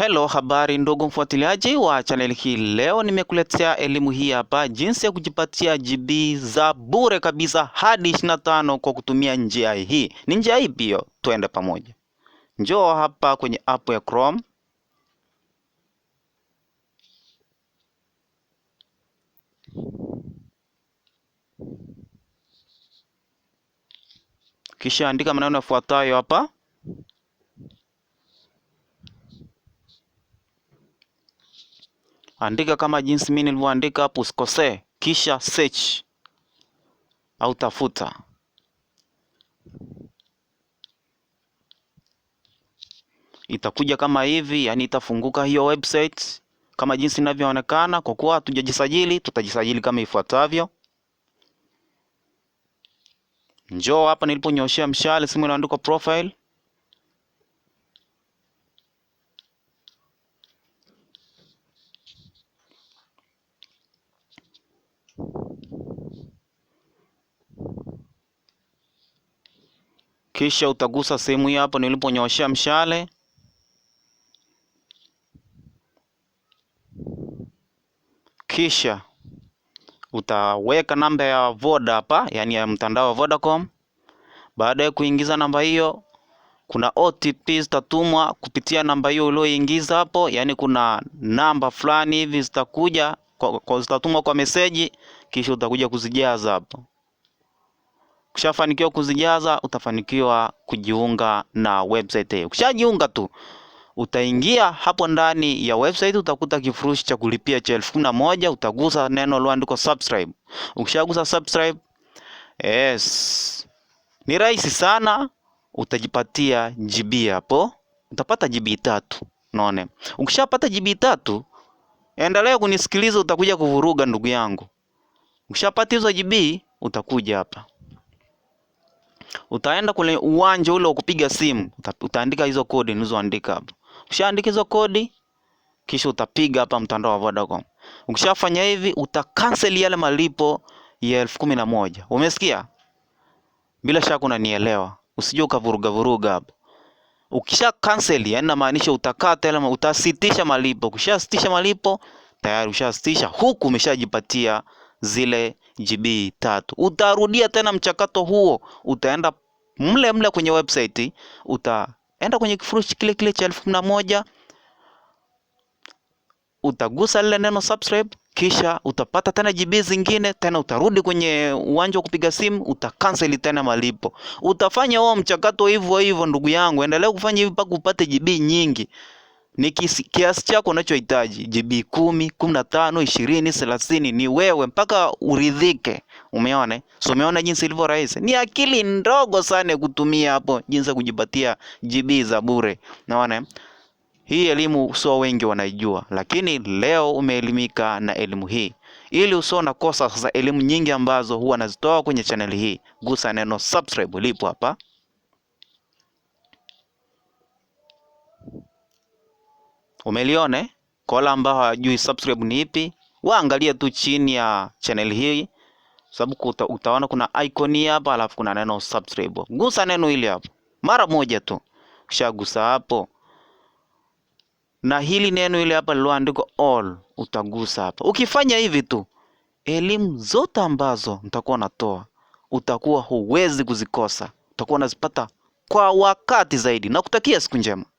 Hello, habari ndugu mfuatiliaji wa channel hii. Leo nimekuletea elimu hii hapa, jinsi ya kujipatia GB za bure kabisa hadi 25 kwa kutumia njia hii. Ni njia ipi hiyo? Twende pamoja. Njoo hapa kwenye app ya Chrome. Kisha andika maneno yafuatayo hapa andika kama jinsi mimi nilivyoandika hapo, usikosee. Kisha search au tafuta. Itakuja kama hivi, yani itafunguka hiyo website kama jinsi inavyoonekana. Kwa kuwa hatujajisajili, tutajisajili kama ifuatavyo. Njoo hapa niliponyoshea mshale, simu inaandikwa profile kisha utagusa sehemu hii hapo niliponyooshea mshale kisha utaweka namba ya voda hapa, yani ya mtandao wa Vodacom. Baada ya kuingiza namba hiyo, kuna OTP zitatumwa kupitia namba hiyo ulioingiza hapo, yani kuna namba fulani hivi zitakuja kwa, kwa zitatumwa kwa meseji, kisha utakuja kuzijaza hapo. Ukishafanikiwa kuzijaza, utafanikiwa kujiunga na website hiyo. Ukishajiunga tu utaingia hapo ndani ya website, utakuta kifurushi cha kulipia cha elfu kumi na moja. Utagusa neno lililoandikwa subscribe. Ukishagusa subscribe, yes, ni rahisi sana, utajipatia GB hapo, utapata GB tatu. Unaona, ukishapata GB tatu, endelea kunisikiliza, utakuja kuvuruga ndugu yangu. Ukishapata hizo GB utakuja hapa utaenda kwenye uwanja ule wa kupiga simu, utaandika hizo kodi nilizoandika hapo. Ushaandika hizo kodi, kisha utapiga hapa mtandao wa Vodacom. Ukishafanya hivi, utakancel yale malipo ya elfu kumi na moja. Umesikia? Bila shaka unanielewa, usije ukavuruga vuruga hapo. Ukisha cancel, yani namaanisha utakata yale, utasitisha malipo. Ukishasitisha malipo tayari, ushasitisha huku umeshajipatia zile GB tatu. Utarudia tena mchakato huo, utaenda mle mle kwenye website, utaenda kwenye kifurushi kile kile cha elfu kumi na moja utagusa lile neno subscribe, kisha utapata tena GB zingine tena, utarudi kwenye uwanja wa kupiga simu, utakanseli tena malipo. Utafanya huo mchakato hivyo hivyo, ndugu yangu, endelea kufanya hivi mpaka upate GB nyingi ni kiasi chako unachohitaji GB kumi, kumi na tano, ishirini, thelathini ni wewe mpaka uridhike. Umeona? So umeona jinsi ilivyo rahisi. Ni akili ndogo sana kutumia hapo jinsi ya kujipatia GB za bure. Unaona? Hii elimu sio wengi wanaijua, lakini leo umeelimika na elimu hii. Ili usio na kosa sasa elimu nyingi ambazo huwa nazitoa kwenye channel hii, gusa neno subscribe lipo hapa. umelione. Eh? Kwa wale ambao hawajui subscribe ni ipi, waangalie tu chini ya channel hii, sababu uta, utaona kuna icon hapa, alafu kuna neno subscribe. Gusa neno hili hapo mara moja tu, kisha gusa hapo na hili neno hili hapa liloandikwa all utagusa hapa. Ukifanya hivi tu, elimu zote ambazo nitakuwa natoa utakuwa huwezi kuzikosa, utakuwa unazipata kwa wakati zaidi. Nakutakia siku njema.